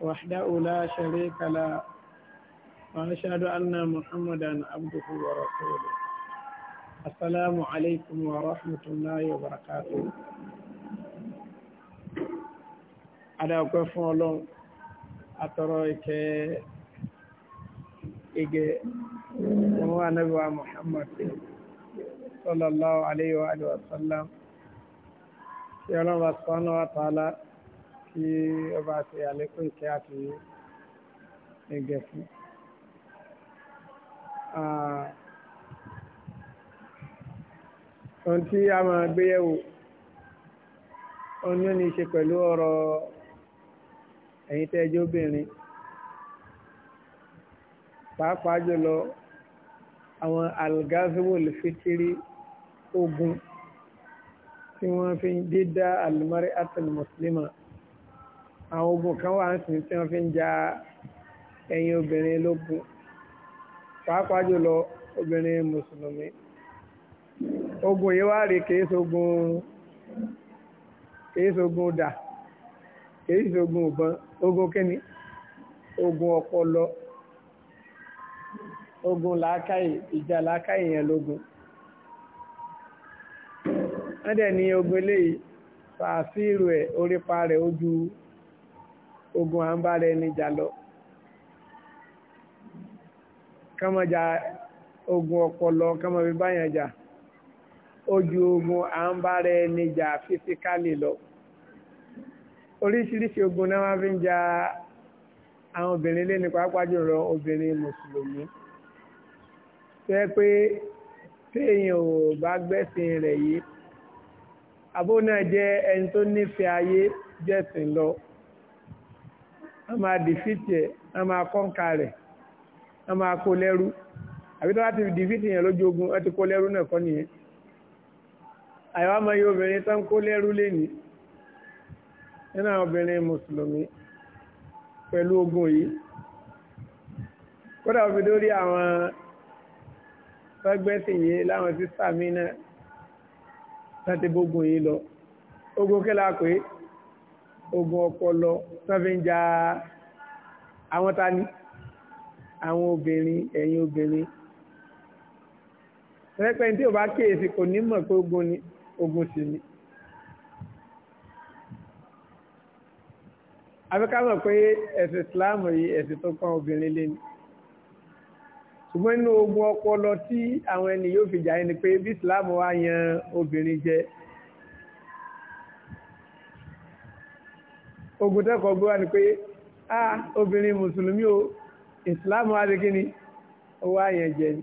وحده لا شريك له وأشهد أن محمدا عبده ورسوله السلام عليكم ورحمة الله وبركاته adáwọ̀pẹ́ fún ọlọ́run àtọ̀rọ̀ ìkẹ́ igẹ̀ wọn ànábì wa Muhammad sallallahu alayhi wa sallam tí ọlọ́run bá sọ́nà wa ta'ala kí ọba ṣe àlékún ìkẹ́ àti ẹgẹ̀ fún. ohun tí a máa gbé yẹ̀wò ohun ló ní í ṣe pẹ̀lú ọ̀rọ̀ ẹ̀yin tẹ́jọ́ obìnrin pàápàá jùlọ àwọn algaziwol fitiri ogun tí wọ́n fi dídá alimari atal muslima àwọn ogun kan wà ń sìn tí wọ́n fi ń ja ẹ̀yin obìnrin lógun pàápàá jùlọ obìnrin mùsùlùmí ogun yìí wá rí kìí ṣogun kìí ṣogun dà kìí ṣogun ìbọn ogun kíni ogun ọpọlọ ogun làákàyè ìjà làákàyè yẹn lógun wọ́n dẹ̀ ní ogun eléyìí fàásìrò ẹ̀ orípa rẹ̀ ojú ogun à ń ẹni jà lọ kámọ́jà ogun ọpọlọ kámọ́ báyàn ojú ogun à ń ẹni jà fífíkálì lọ oríṣiríṣi ogun náà wá fi ń ja àwọn obìnrin lẹ́nu pàápàá jùlọ obìnrin mùsùlùmí tó pé téèyàn ò bá gbẹ́sìn rẹ̀ yìí àbó a máa dìfìtì ẹ̀ a máa kọ́ǹkà rẹ̀ a máa kó lẹ́rú àbí tó bá ti dìfìtì yẹn lójú ogun ẹ ti kó lẹ́rú náà kọ́ nìyẹn àyọ̀ àmọ́ yìí obìnrin tó ń kó lẹ́rú lẹ́ni nínú àwọn obìnrin mùsùlùmí pẹ̀lú ogun yìí kódà òbí lórí àwọn fẹ́gbẹ́sìn yìí láwọn sísà mí náà láti bógun yìí lọ ogun kí la pè é ogun ọpọlọ tán fi ń ja àwọn tani àwọn obìnrin ẹ̀yin obìnrin rẹpẹ́ tí o bá kíyèsí kò ní mọ̀ pé ogun ni ogun sì ni. afẹ́ká mọ̀ pé ẹ̀sìn Islam yìí ẹ̀sìn tó kàn obìnrin lé ni. ṣùgbọ́n nínú ogun ọpọlọ tí àwọn ẹni yóò fi jà ẹni pé bí Islam wá yan obìnrin jẹ ogun tẹ́kọ̀ọ́ gbé wá ni pé a obìnrin mùsùlùmí o Islamu wá sí kí ni owó àyàn jẹ ni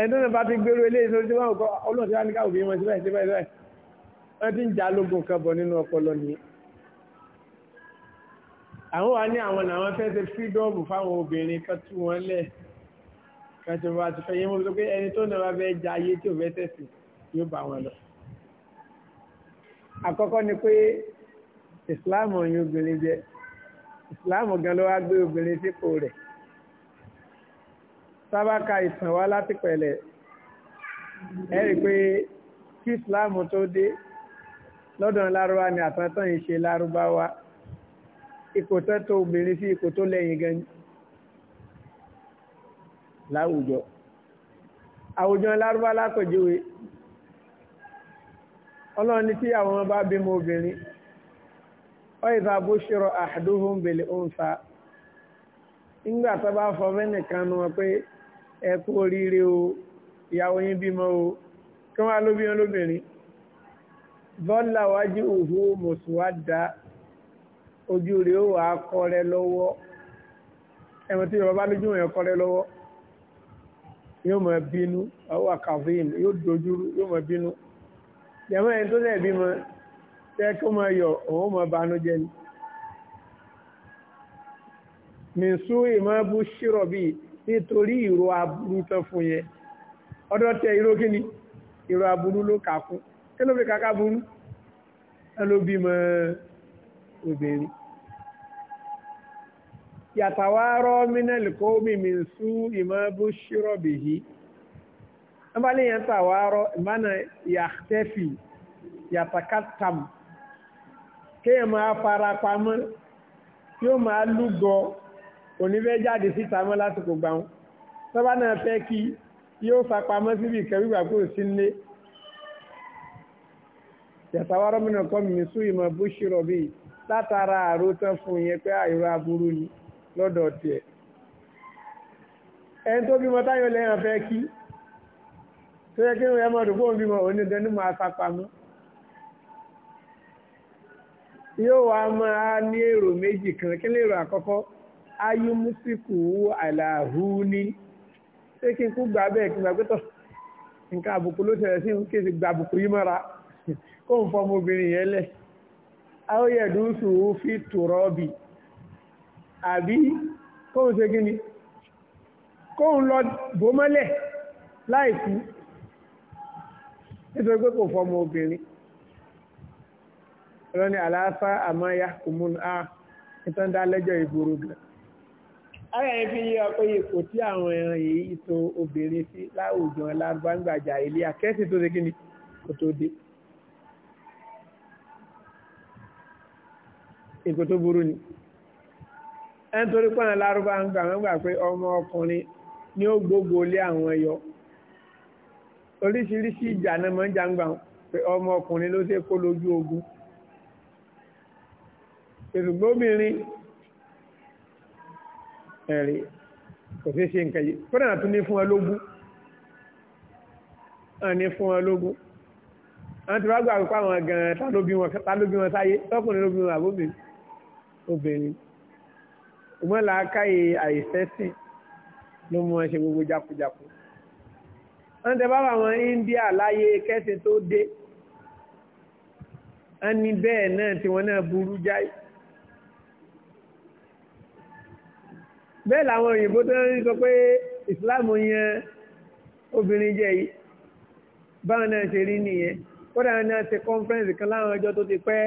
ẹni tó náà bá ti gbèrú eléyìí sórí tí wọ́n kọ́ ọlọ́ọ̀tí wá ní káwọn obìnrin wọn síbẹ̀ síbẹ̀ síbẹ̀ wọ́n ti ń jà lógun kan bọ̀ nínú ọpọlọ nìyẹn àwọn wa fẹ́ ṣe fídọ́ọ̀mù pé ẹni tó náà fẹ́ ja ayé tí ò fẹ́ yóò bá wọn lọ. àkọ́kọ́ ni pé ìsìláàmù ọ̀yin obìnrin jẹ ìsìláàmù gan ló wá gbé obìnrin sípò rẹ̀ sábàkà ìtàn wá láti pẹ̀lẹ̀ ẹ rí i pé kí ìsìláàmù tó dé lọ́dọ̀ lárúbá ni àtàntàn yìí ṣe lárúbáwá ipò tẹ́tọ́ obìnrin sí ipò tó lẹ́yìn gan láwùjọ àwùjọ lárúbá lápèjúwe ọlọ́run ní tí àwọn ọmọ bá bímọ obìnrin ọ̀ìdà búṣírọ̀ àdúhùn bèlè òǹfà nígbà tó bá fọ mẹ́nìkan nu wọn pé ẹ kú oríire o ìyàwó yín bímọ o kí wọ́n á lóbi yín lóbìnrin bọ́lá wájú òhù mùsùlùmá ojú rẹ̀ ó wà á kọ́ rẹ lọ́wọ́ ẹ̀wọ̀n tí yorùbá lójú wọn kọ́ rẹ lọ́wọ́ yóò máa bínú ọwọ́ àkàfíìn yóò dojúrú yóò máa bínú jẹ́mọ́ ẹni tó lẹ́ẹ̀bí mọ́ tẹ́ kó máa yọ òun máa banújẹ́ ni. mìsú ìmọ̀ bú ṣírọ̀ bíi nítorí ìró aburú tán fún yẹn ọdọ tẹ ìró kíni ìró aburú ló kà kún kí ló fi kàkà burú ẹ ló bímọ obìnrin yàtàwárọ́ mínẹ́lì kó mímì sú ìmọ̀ bú ṣírọ̀ bìhí wọ́n bá léyìn tàwárọ́ ìmọ̀nà yàtẹ́fì yàtàkàtàm kéèyàn máa fara pamọ́ yóò máa lúgọ onífẹ́ jáde síta mọ́ lásìkò gbàùn tọ́bá náà fẹ́ kí yóò fapamọ́ síbi ìkẹ́wìgbà kúrò sí nílé yàtàwárọ́ mìíràn kọ́ mi sún ìmọ̀ bó ṣírọ̀ bíi látara àrò tán fún yẹn pé àìrò aburú ni lọ́dọ̀ tiẹ̀ ẹni tó bímọ táyọ̀ lẹ́yìn fẹ́ kí tó yẹ kí wọ́n yẹ mọ́ dùgbò bímọ onídẹ́nu máa fapamọ́ yóò wá máa ní èrò méjì kan kí lèrò àkọ́kọ́ ayúmúsìkù àlàhúní ṣé kí n kú gbà bẹ́ẹ̀ kí n gbà pé tọ̀ nǹkan àbùkù ló ṣẹlẹ̀ sí kí n sì gbà àbùkù yìí mọ́ra kó n fọ́ ọmọbìnrin yẹn lẹ̀ ayọ̀dúnṣù fi tùrọ́bì àbí kó n ṣe kí ni kó n lọ bòmọ́lẹ̀ láìkú nítorí pé kò fọ́ ọmọbìnrin ọlọ́run ní àlàáfà àmọ́ ya kùmùn á nítorí dá lẹ́jọ́ ìgboro gan. ara yẹn fi yé ọ pé ipò tí àwọn ẹran yìí ìtò obìnrin sí láwùjọ lágbàgbàjà ilé akẹ́sì tó ṣe kíni kò tó dé. ipò tó burú ni ẹni torí pọ́nà lárúbá ń gbà wọ́n gbà pé ọmọ ọkùnrin ni ó gbogbo lé àwọn ẹyọ oríṣiríṣi ìjà náà máa ń jà ń gbà pé ọmọ ọkùnrin ló ṣe kó lójú ogun ìrùgbóbìnrin ẹ̀rí kò sí ṣe nǹkan yìí kó dànà tún ní fún ọlógún a ní fún ọlógún a ti wá gbà pípa àwọn gan-an tálóbí wọn sáyé tọkùnrin lóbi wọn obìnrin ìmọ̀ làákàyè àìsẹ́sìn ló mú wọn ṣe gbogbo jákujáku wọ́n tẹ bá àwọn India láyé kẹ́sìn tó dé a ní bẹ́ẹ̀ náà tí wọ́n náà burú jáì bẹ́ẹ̀ làwọn òyìnbó tó ń sọ pé ìsìláàmù yẹn obìnrin jẹ́ yìí báwọn náà ṣe rí nìyẹn kódà wọn náà ṣe kọ́nfẹ́rẹ́nsì kan láwọn ọjọ́ tó ti pẹ́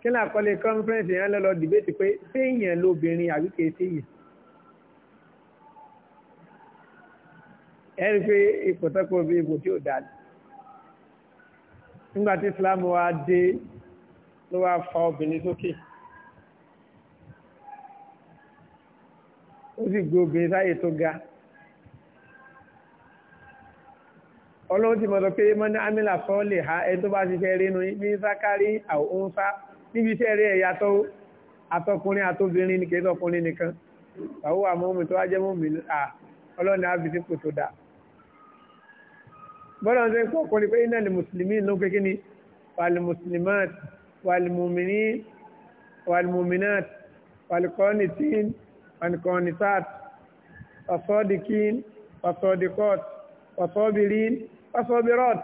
kí ní àkọlé kọ́nfẹ́rẹ́nsì yẹn lọ́lọ́ dìbẹ́tì pé séèyàn lóbìnrin àbí kìí séèyàn. ẹ̀rí pé ipò tọ́kọ̀ bí ipò tí ò dáa nígbà tí ìsìláàmù wa dé ló wá fa obìnrin sókè. Okay ó sì gbé obìnrin sáyè tó ga ọlọ́run ti mọ̀tọ́ pé mọ́ni amílà sọ lè ha ẹni tó bá ṣiṣẹ́ rí inú ní sákàrí àwọn sá níbi iṣẹ́ rí ẹ̀yà tó atọ́kùnrin àtòbìnrin ní kéde ọkùnrin nìkan àwọn àmọ́mí tó wá jẹ́ mọ́mí à ọlọ́run ní ábìsí kò tó dà. bọ́lá ń sọ pé ọkùnrin pé iná ni mùsùlùmí ló pé kíni wàlì mùsùlùmáàt wàlì mùmìnì wàlì mùmìnàt wàlì kọ́nìtín والقانتات والصادقين والصادقات والصابرين والصابرات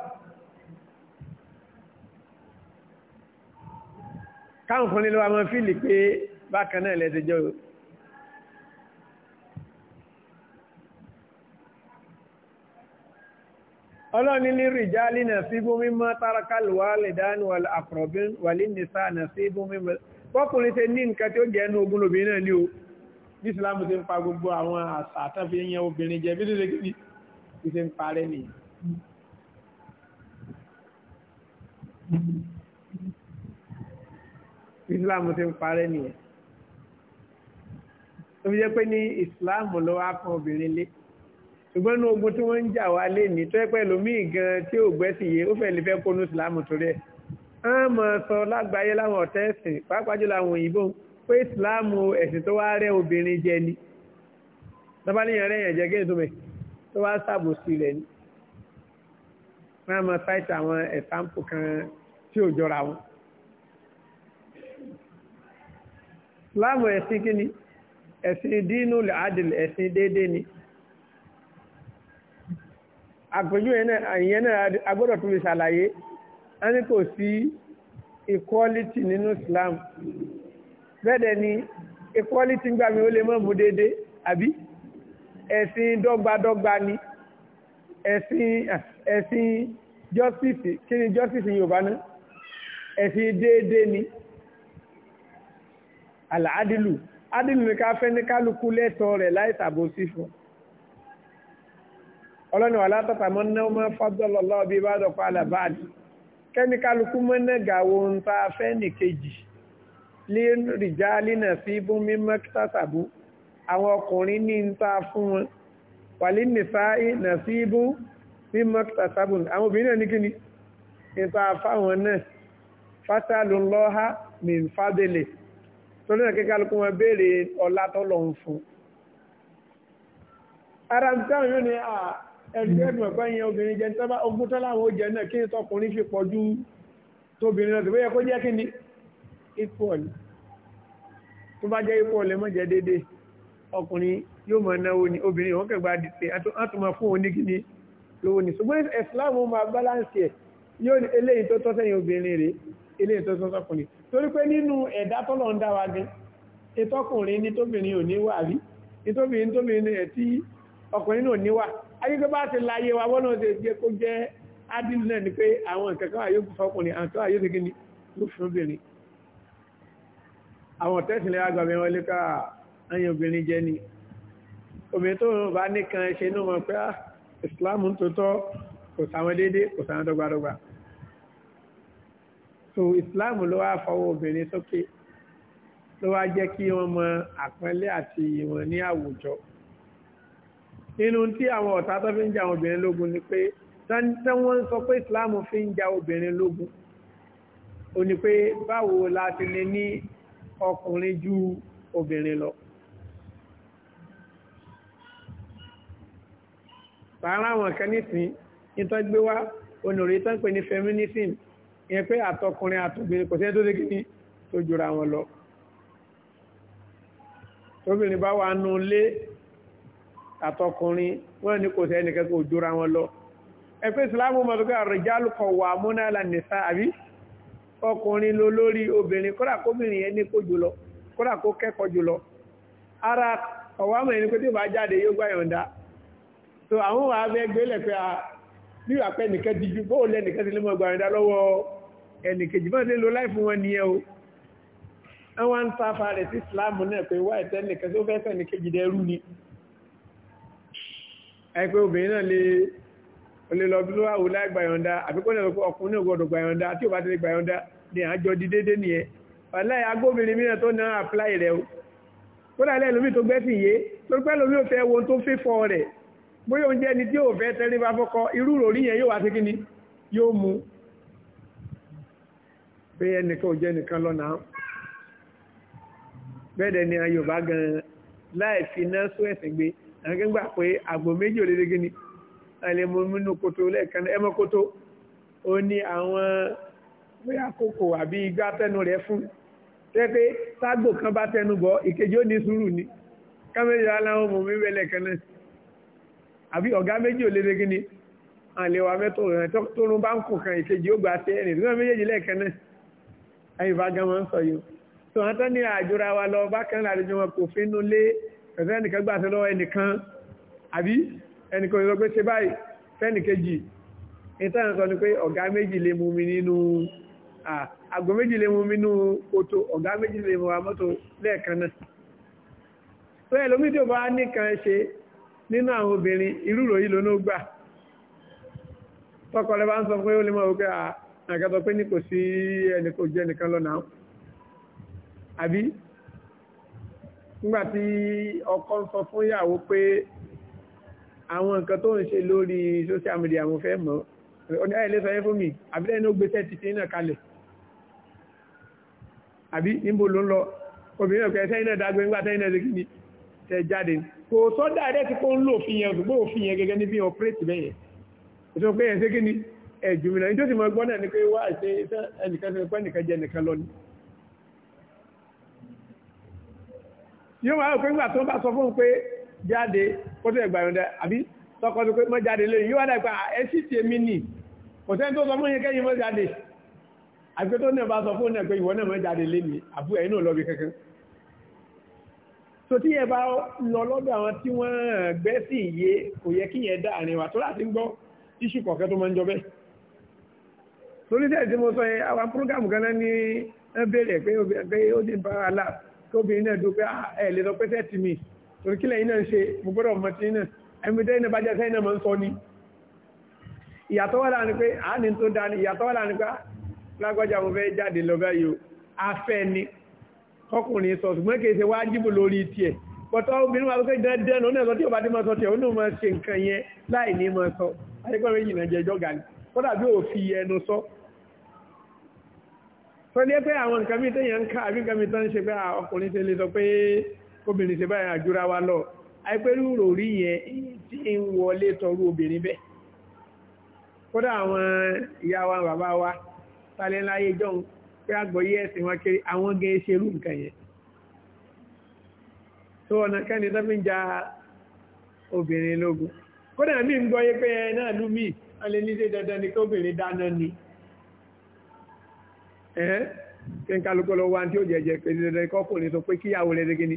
káwọn fún nílò àwọn fíìlì pé bákan náà lẹ́sẹ̀ jọ ọlọ́ni ní rìjálì náà sí bú mímọ́ tárakàlùwà lè dánú àkọ̀rọ̀bín wà ní nìsá náà sí bú mímọ́ bọ́kùnrin tẹ ní nǹkan tí ó jẹ́ ẹnu ogun lòbí náà ní o bí ìsìlámù ti ń pa gbogbo àwọn àṣà àtàfi yẹn obìnrin jẹ bí lóde kìí ti ti ń parẹ́ nìyí. ìsìlámù ti ń parẹ́ nìyẹn. tó fi jẹ́ pé ní ìsìlámù ló wá kan obìnrin lé ṣùgbọ́n ní ogun tí wọ́n ń jà wá lé ní tó ẹ pẹ́ gan tí ò gbẹ́sì yé ó fẹ́ẹ́ lè fẹ́ kónú ìsìlámù torí ẹ̀. wọ́n mọ̀ sọ lágbàáyé láwọn ọ̀tẹ́ẹ̀sìn pàápàá jùlọ àwọn òyìnbó pé ìsìláàmù ẹ̀sìn tó wá rẹ́ obìnrin jẹ ni tọ́báníyàn rẹ̀ yàn jẹ́ gẹ́gẹ́ tó mẹ́ tó wá sàbò sí rẹ̀ ni wọ́n á máa sáìtì àwọn ẹ̀sàmpù kan tí ò jọra wọn. ni ẹ̀sìn islam bẹ́ẹ̀dẹ̀ ni equality ń gbà mí ó lè mọ́ mú dédé àbí ẹ̀sìn dọ́gbadọ́gba ni ẹ̀sìn ẹ̀sìn justice kí ni justice Yorùbá náà ẹ̀sìn dédé ni àlàádìlù ádìlù ní ká fẹ́ ní kálukú lẹ́tọ̀ọ́ rẹ̀ láì ṣàbòsí fún ọlọ́ni wà látàtà mọ́ ní ọmọ fọ́dọ́lọ́lọ́ bí bá dọ̀kọ́ àlàbáàdì kẹ́ni kálukú mọ́ náà gàwó ń ta fẹ́ nìkejì lírìjálínà sí bùnmí mẹ́tàtàbù àwọn ọkùnrin ní ń ta fún wọn wàlí nìsáì nà sí bùn mí mẹ́tàtàbù àwọn obìnrin náà ní kíni ń ta fáwọn náà fásálù lọ́ha mi ń fádélè torí náà kíkà lókun wọn béèrè ọlá tọ́lọ̀ ń fún. ara ń tẹ́wọ̀n yóò ní ẹgbẹ́rún ẹ̀kọ́ yẹn obìnrin jẹ́ ń tẹ́wọ́ ogún tọ́lá àwọn ó náà kí tọkùnrin fi pọ̀ ju tóbìnrin náà tó bẹ́ẹ̀ kó jẹ́ kí ni equal tó bá jẹ́ equal ẹ mọ́jẹ́ dédé ọkùnrin yóò mọ̀ náwó ni obìnrin wọ́n kẹgbà dìtẹ̀ àtúmọ̀ fún oníkíní lówó ni ṣùgbọ́n Islam máa balance ẹ̀ yóò ní eléyìí tó tọ́ sẹ́yìn obìnrin rẹ̀ eléyìí tó tọ́ sọ́kùnrin torí pé nínú ẹ̀dá tọ́lọ̀ ń dá wa gan ìtọ́kùnrin ní tóbìnrin ò ní wà rí ìtóbìnrin tóbìnrin ẹ̀ tí ọkùnrin náà ní wà ayíkọ́ obìnrin àwọn tẹ́sìnlẹ̀ agbàmẹ́ wọn lé ká ẹ̀yìn obìnrin jẹ́ ni obìnrin tó rùn bá nìkan ṣe inú mọ̀ pé ah, islam tó tọ́ kò sáwọn déédé kò sáwọn dọ́gbadọ́gba so islam ló wá fọwọ́ obìnrin sókè ló wá jẹ́ kí wọ́n mọ àpọ́nlé àti ìwọ̀n ní àwùjọ nínú tí àwọn ọ̀tá tó fi ń jà obìnrin lógun ni pé tí wọ́n sọ pé islam fi ń jà obìnrin lógun ó ní pé báwo la ti lè ní ọkùnrin ju obìnrin lọ. Bàárà àwọn kan nísìn nítorí gbé wá onòrè tán pè ní feminism ìyẹn pé àtọkùnrin àtòbìnrin kò sẹ́ni tó dé kíní tó jura wọn lọ. Tóbìnrin bá wà nù lé àtọkùnrin wọn ní kò sẹ́ni kẹ́kọ̀ọ́ jura wọn lọ. Ẹ pé Ìsìlámù mọ̀tòkè ar-rijalu qawwamuna 'ala an-nisa' àbí. ọkùnrin ló lórí obìnrin kódà kóbìnrin yẹn kó jùlọ kódà kó kẹ́kọ̀ọ́ jùlọ ara ọ̀wọ́ àmọ̀ ẹni pé tí ìbá jáde yóò gbà yọ̀ǹda so àwọn wàá fẹ́ lẹ́fẹ́ a bí wàá pẹ́ nìkẹ́ ti ju bóòlù ẹnìkan ti lọ́wọ́ ẹnìkejì máa lo láì fún o lè lọ bí ló wà wò láì gbàyọ̀ǹda àbíkọ́ ọkùnrin náà gbọ́dọ̀ tí ò bá tẹ́lẹ̀ gbàyọ̀ǹda ni à ń jọ di déédéé nìyẹn wàláì agbóbìnrin mìíràn tó náà apply rẹ̀ o kódà lẹ́yìn lómi tó gbẹ́sìn yé torí pẹ́ lómi ò fẹ́ wo tó fẹ́ fọ rẹ̀ bóyá oúnjẹ ni tí ò fẹ́ tẹ́lẹ̀ bá fọ́kọ irú ròrí yẹn yóò wá sí kíni yóò mu pé ẹnìkan ò jẹ́ nìkan lọ́nà bẹ́ẹ̀dẹ̀ ni Yorùbá gan-an láì fi náà sún ẹ̀sìn gbé àwọn kẹ́ńgbà pé àgbò méjì ò lè kíni ẹlẹ́mọ̀mínú kòtò lẹ́ẹ̀kan ẹmọ kòtò ó ní àwọn bóyá kòkò àbí igbá tẹnu rẹ̀ fún tẹ́pẹ́ tágbò kan bá tẹnu bọ̀ ìkejì ó ní sùúrù ni kámẹ́rà aláwọ̀ mọ̀ mí wẹ́lẹ̀ kan náà àbí ọ̀gá méjì ò lédè gíní àlewà mẹ́tò rẹ̀ tó rún bá ń kù kan ìkejì ó gbà tẹ́ ẹ̀rìn lọ́nà méjèèjì lẹ́ẹ̀kan náà ẹ̀yìn bá gan máa ń sọ yìí tó wọn tán ní àjọra wa lọ bákan láàrin jọmọ kò fínú lé ẹ̀fẹ́ nìkan gbà tẹ́ lọ́wọ́ ẹnìkan àbí ẹnìkan ìlọgbé ṣe báyìí fẹ́nì kejì ìtàn sọ ni pé ọ̀gá méjì lè mú mi nínú àgbò méjì lè mú mi nínú kòtò ọ̀gá méjì lè mú wa lẹ́ẹ̀kan náà tí ó bá nìkan ṣe nínú àwọn obìnrin irú ìròyìn lónà gbà bá ń sọ ó lè mọ̀ ọkọ ń sọ fún ìyàwó àwọn nǹkan tó ń ṣe lórí social media mo fẹ́ mọ̀ ọ̀nà ilé sọ yẹn fún mi àbílẹ̀ inú gbèsè ti fi náà kalẹ̀ àbí níbo ló ń lọ obìnrin ọ̀pẹ ẹsẹ́ iná dágbé ńgbà tẹ́yìn náà lókì ní tẹ jáde kò sọ dáadẹ́ ti kó ń lò fi yẹn ṣùgbọ́n òfin yẹn gẹ́gẹ́ ní fi hàn pírètì bẹ́ẹ̀ yẹn pé yẹn ṣé kí ni ẹ̀jù mi náà nítòsí mọ gbọ́n náà ni pé wá ṣe ẹnìkan ṣe pé ẹnìkan jẹ ẹnìkan lọ ni. yóò máa rò pé ńgbà tó bá sọ fún pé jáde kó tó ẹ̀gbà yọ̀ǹda àbí tọkọ tó pé mọ́ jáde lóyún yóò wá dà pé ẹsì tí èmi nì kò sẹ́ni tó sọ fún yín kẹ́yìn mọ́ jáde àti pé tó náà bá sọ fún náà pé ìwọ náà mọ́ jáde lémi àbú ẹ̀yìn náà lọ́bi kankan. tó tí yẹn bá lọ lọ́dọ̀ àwọn tí wọ́n gbẹ́ sí iye kò yẹ kí yẹn dá àrìn wà tó láti gbọ́ iṣu kọ̀ọ̀kẹ́ tó máa ń jọ bẹ́ẹ̀ torí kílẹ̀ iná ń ṣe gbogbo ọmọ tí iná ẹmìdẹ́ iná bá jẹ́ sẹ́yìn náà mọ́ ń sọ ní ìyàtọ̀ wà láàrin pé àánì tó dání ìyàtọ̀ wà láàrin pé lágbọ́jà mo fẹ́ jáde lọ bẹ́ẹ̀ yóò afẹ́ ni ọkùnrin sọ ṣùgbọ́n kìí ṣe wájìbù lórí tiẹ̀ pọ̀tọ́ obìnrin wa pé dandan òun náà sọ tí ò bá ti máa sọ tiẹ̀ òun náà máa ṣe nǹkan yẹn láì ní máa sọ adékọ́ méjì náà jẹjọ́ gàlí kódà bí ò fi ẹnu sọ sọ ní pé àwọn nǹkan mi téèyàn ń ká àbí nǹkan mi tán ń ṣe pé ọkùnrin ṣe lè sọ pé obìnrin ṣe báyìí àjúra wa lọ àìpẹ́rú rò rí yẹn tí ń wọlé tọrú obìnrin bẹ́ẹ̀ kódà àwọn ìyá wa bàbá wa tàlẹ́ láyé jọun pé àgbọ̀yé ẹ̀sìn wọn kiri àwọn gẹ́ ṣerú nǹkan yẹn tó ọ̀nà kẹ́ni tó fi ń ja obìnrin lógun kódà mí ń gbọ́yé pé ẹ náà lú mí a ní dandan ni kí obìnrin dáná ni ẹ́ kí n kálukọ́ lọ wá tí ó jẹ́jẹ́ pé dandan kọ́kùnrin pé kíyàwó lẹ́dẹ́gẹ́ ni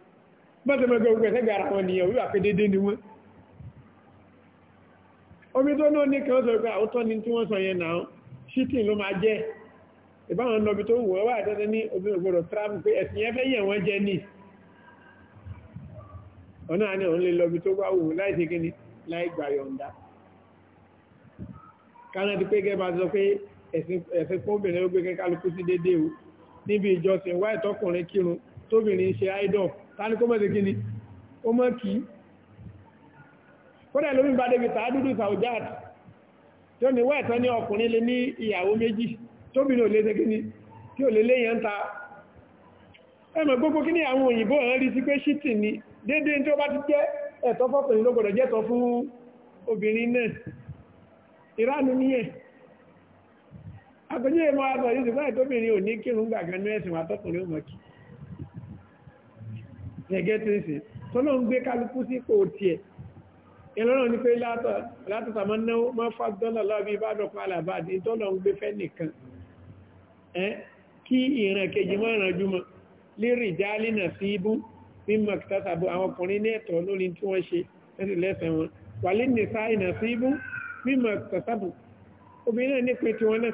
mọ́tẹ̀mọ́gbẹ̀ ogun ẹ̀sẹ́gbẹ̀ ara wọn nìyàn wíwà pé dédé ni wọ́n omi tó náà ní kan sọ pé àwọ́tọ́ ni tí wọ́n sọ yẹn náà ṣítìn ló máa jẹ́ ìbáwọn lọ́bi tó wù ọwà àtẹ́tẹ́ ní obìnrin ògbòrò tráfù pé ẹ̀sìn yẹn fẹ́ yẹ̀ wọ́n jẹ́ ní ọ̀nà àní òun lè lọ́bi tó wà wù láì ṣe kíni láì gbà yọ̀ǹda kánà ti pé gẹ́ bá sọ pé ẹ̀sìn fún obìnrin ó gbé kẹ́kálukú sí dédé o níbi ìjọsìn wáìtọ́kùnrin kírun tóbìnrin ṣe tani kó gịnị? kíni ó mọ́ kí kódà lómi bá débi tàá dúdú saujad tí ó ní wá ẹ̀tọ́ ní ọkùnrin ní ìyàwó méjì tóbìnrin ò lé tí léyàn ta ẹmọ̀ gbogbo kí ní àwọn òyìnbó ọ̀rán rí sí pé ṣítì ni dédé tí ó bá ti jẹ́ ẹ̀tọ́ fọ́kùnrin ló gbọ́dọ̀ jẹ́tọ́ fún obìnrin náà ìránu ní ẹ̀ àpẹjẹ́ ìmọ̀ àgbà yìí ní kírun ẹ̀sìn ẹgẹ́tìrìsì tọ́lọ́ ń gbé kálukú sípò tiẹ̀ ìlọ́rọ̀ ní pé látọ̀tà máa náwó máa fà dọ́là lábí ìbádọ́kọ̀ alàbáàdì tọ́lọ̀ ń gbé fẹ́ nìkan kí ìran kejì máa rànjú mọ́ lérí ìdálínà sí ibú ní mọ̀kítàtàbọ̀ àwọn ọkùnrin ní ẹ̀tọ́ lórí tí wọ́n ṣe ẹ̀sì lẹ́sẹ̀ wọn wà lè ní sáìnà sí ibú ní mọ̀kítàtàbọ̀ obìnrin náà ní pé tiwọn náà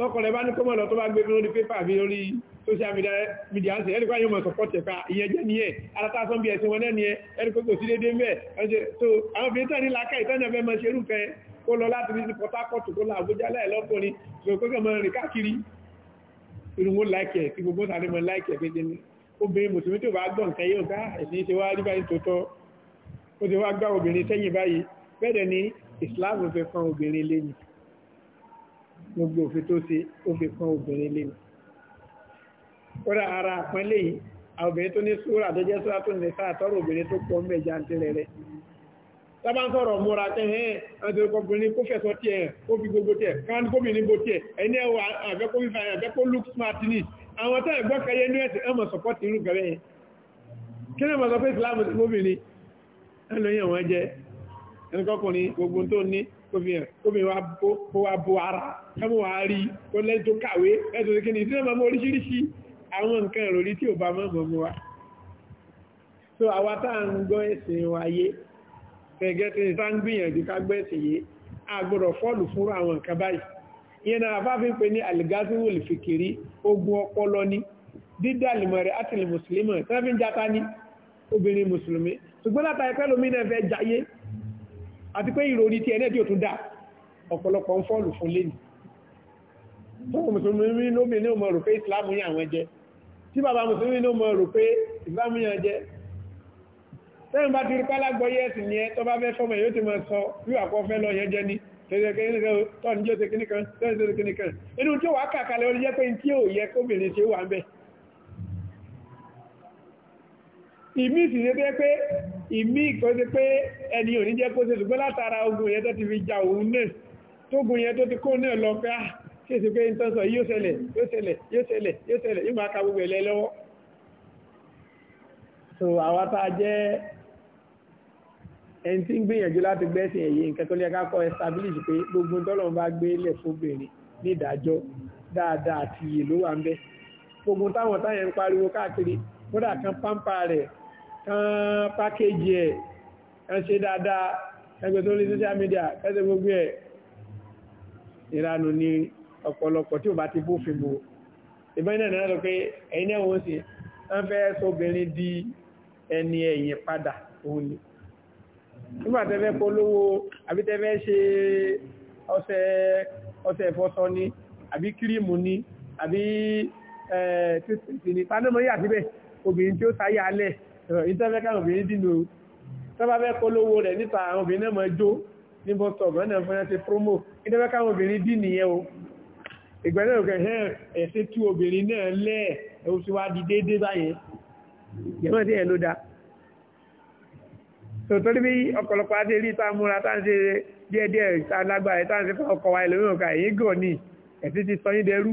tọ́kọ̀lẹ̀ bá ní kó mọ̀lọ tó bá gbé lórí pépà mi lórí social media ṣe ẹ̀rí kwáyé mọ̀ sọpọ̀tì ẹ̀ka ah, ìyẹn jẹ́ ní ẹ̀ alátásán bí ẹ̀sìn wọn lẹ́ni ẹ̀ ẹ̀rí kókò sí dédé mẹ́ so àwọn obìnrin tán ní lákà ìtọ́nà fẹ́ mọ́ ṣerú fẹ́ kó lọ láti ní Port Harcourt kó lọ Àbújá láìlọ́kùnrin so kókò mọ́ rìn káàkiri irun wọn láìkẹ̀ tí gbogbo sáré mọ́ láìkẹ̀ gbẹ́dẹ́ ni obìnrin mùsùlùmí tó bá gbọ́ nǹkan yóò ká ẹ̀sìn ṣe wá rí báyìí tó tọ́ ó ti wá gbá obìnrin sẹ́yìn báyìí bẹ́ẹ̀ ni Islam fẹ́ fún obìnrin lẹ́yìn gbogbo òfin tó ṣe ó fi pọ́n obìnrin lé mi. kódà ara àpọ́nlé yìí àwọn obìnrin tó ní súrà tó jẹ́ súrà tó nìfà àtọ́rọ̀ obìnrin tó pọ̀ mẹ́ jantirẹ̀ rẹ̀. sábà ń sọ̀rọ̀ múra kẹ́hìn àti ọkùnrin kó fẹ̀sọ́ tiẹ̀ kó fi gbogbo tiẹ̀ káwọn kó mi níbo tiẹ̀ ẹni ẹwà àfẹ́ kó look smart ni àwọn tá ẹ̀gbọ́ kẹyẹ ní ẹ̀sìn ẹ̀mọ̀ sọ̀pọ̀tì irú gẹ̀rẹ́ yẹn kí ni mo sọ ìsìlámù ti omi ẹ̀ omi wa bo ara ẹmú wa rí tó lẹ́yìn tó kàwé ẹ̀tọ́ sí kíni ìdílé mọ́mọ́ oríṣiríṣi àwọn nǹkan ìròrí tí ò bá mọ́ mọ́ wa so àwa tá à ń gbọ́ ẹ̀sìn wa yé gẹ́gẹ́ tí ta ń gbìyànjú ká gbọ́ ẹ̀sìn yé a gbọ́dọ̀ fọ́ọ̀lù fún àwọn nǹkan báyìí ìyẹn náà bá fi ń pè ní algaziwul fikiri ogun ọpọlọ ni dídá àlùmọ̀rẹ́ àti mùsùlùmí tí wọ́n fi ń jata ní obìnrin mùsùlùmí ṣùgbọ́n látàrí pẹ́lú mi náà fẹ́ jayé àti pé ìròrí tí ẹnẹ́bí ò tún dá ọ̀pọ̀lọpọ̀ ń fọ́ọ̀lù fún lẹ́nì fún mùsùlùmí lómìnì ò mọ̀ rò pé ìsìlámù yàn àwọn jẹ tí bàbá mùsùlùmí ló mọ̀ rò pé ìsìlámù yàn jẹ sẹ́yìn bá ti rí pálágbọ́ yẹ́sì ni ẹ tó bá fẹ́ fọ́mọ̀ yóò ti mọ̀ sọ bí wà kọ́ fẹ́ lọ yẹn jẹ ni ìmí ìsìn ló jẹ́ pé ìmí ìkọ́sí pé ẹni ò ní jẹ́ kó ṣe ṣùgbọ́n látara ogun yẹn tó ti fi ja òun náà tógun yẹn tó ti kó náà lọ pé ah ṣe sí pé nǹkan sọ yóò ṣẹlẹ̀ yóò ṣẹlẹ̀ yóò ṣẹlẹ̀ yóò ṣẹlẹ̀ yóò máa ka gbogbo ẹ̀lẹ́ lọ́wọ́ so àwa tá a jẹ́ ẹni tí ń gbìyànjú láti gbẹ́sìn èyí nǹkan tó lè ká kọ́ establish pé gbogbo tọ́lọ́run bá gbé lẹ̀ fóbìnrin ní ìdájọ́ dáadáa àti iye ló wà ń bẹ gbogbo táwọn táyẹn ń pariwo káàkiri kódà kan páńpá rẹ̀ kan pákéjì ẹ̀ kan ṣe dáadáa ẹgbẹ̀ tó ní social media kẹ́sẹ̀ gbogbo ẹ̀ ìranù ní ọ̀pọ̀lọpọ̀ tí ò bá ti bófin bò ìbọn iná náà lọ pé ẹ̀yin náà wọ́n sì wọ́n fẹ́ sóbìnrin di ẹni ẹ̀yìn padà òun ni nígbà tẹ́fẹ́ polówó àbí tẹ́fẹ́ ṣe ọṣẹ ìfọṣọ ni àbí kírímù ni àbí ẹ̀ẹ́dẹ́gbẹ̀ẹ́ tánàmọ́ yà síbẹ̀ obìnrin tí ó sáyà alẹ́ ìtẹ́fẹ́ káwọn obìnrin dínú tọ́bá fẹ́ polówó rẹ̀ níta àwọn obìnrin náà mọ́ jó ní bọ́stọ̀ọ̀bù náà fún ẹ́ promo ìtẹ́fẹ́ káwọn obìnrin dín nìyẹn o ìgbà náà kẹ́ hẹ́n ẹ̀sẹ̀ tú obìnrin náà lẹ́ ẹ̀wù sí wá di déédé báyẹn yẹ̀mọ́ sí ẹ̀ ló dá tòtòrí bí ọ̀pọ̀lọpọ̀ á ti rí tá a múra tá a ń ṣe díẹ̀díẹ̀ tá a lágbára tá a ń ṣe fún ọkọ̀ wa ìlú ìrìnkà èyí gàn ní ẹ̀sìn ti sọ yín dẹrú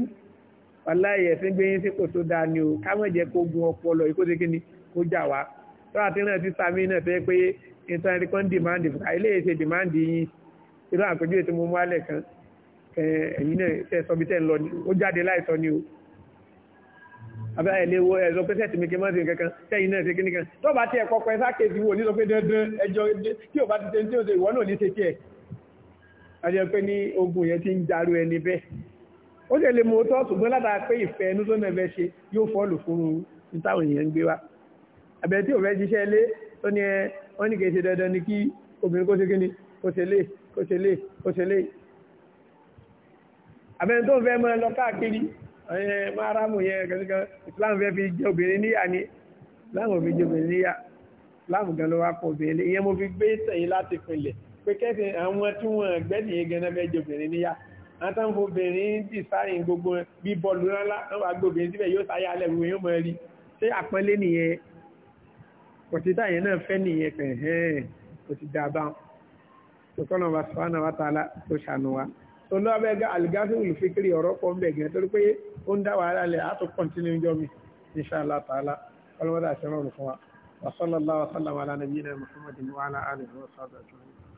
wàláyé ẹ̀sìn gbé yín sípò tó dáa ni o ká mọ̀ jẹ́ kó gun ọpọlọ ìkó kó jà wá tó àti náà ti sàmì náà tó yẹ pé ìtàn ẹ̀kọ́ ń dìmáàndì fún ilé ìṣe dìmáàndì yín irú àpèjúwe tí mo mú alẹ̀ kan ẹ̀yìn náà tẹ́ sọ bí tẹ́ ń lọ ni ó jáde láìsọ ni o àbẹ́ ẹ̀lẹ́wọ́ ẹ̀sọ pé sẹ́ẹ̀tì mi kí n má sí kankan sẹ́yìn náà ṣe kí nìkan tó bá tiẹ̀ kọ́kọ́ ẹ sákèsí wo ní sọ pé dandan ẹjọ́ tí ò bá ti ṣe tí ò ṣe ìwọ náà ní ṣe tiẹ̀ àjọ pé ní ogun yẹn ti ń jaru ẹni bẹ́ẹ̀ ó sì lè mú ọtọ́ ṣùgbọ́n látara pé ìfẹ́ ẹnu tó náà ṣe yóò fọ́ọ̀lù fún un ní táwọn èèyàn ń gbé wá àbẹ̀ tí ò fẹ́ ṣiṣẹ́ ilé ó ní ẹ ó ní kìí dandan ni kí obìnrin kó ṣe kí ni kó ṣe lè kó ṣe lè kó ṣe lè. àbẹ̀ tó ń fẹ́ mọ́ ẹ lọ káàkiri ẹ máa rámù yẹn kankan Islam fẹ́ fi jẹ obìnrin níyà ni Islam ò fi jẹ obìnrin níyà Islam gan ló wá pọ̀ obìnrin ìyẹn mo fi gbé sẹ́yìn láti pinlẹ̀ pé kẹ́sì àwọn tí wọ́n gbẹ́dì yẹn gan fẹ́ jẹ obìnrin níyà àtàwọn obìnrin dì sáyìn gbogbo bí bọ́ọ̀lù rárá àwọn àgbà síbẹ̀ yóò sáyà alẹ́ kò sí táyẹ̀ náà fẹ́ nìyẹn pẹ̀ hẹ́ẹ̀ kò sí dábà tòkọ́nà wa sọ́nà wa tààlà tó ṣàánú wa tó lọ́wọ́ bẹ́ẹ̀ àlìgáṣí olùfikiri ọ̀rọ̀ pọ̀ ń bẹ̀ gẹ̀ torí pé ó ń dá wàhálà lẹ̀ á tó kọ́ntínú jọ mi inṣàlá tààlà ọlọ́mọdé àṣẹ rọrùn fún wa wa sallallahu wa sallam ala nabiyyina muhammadin wa ala alihi wa sahbihi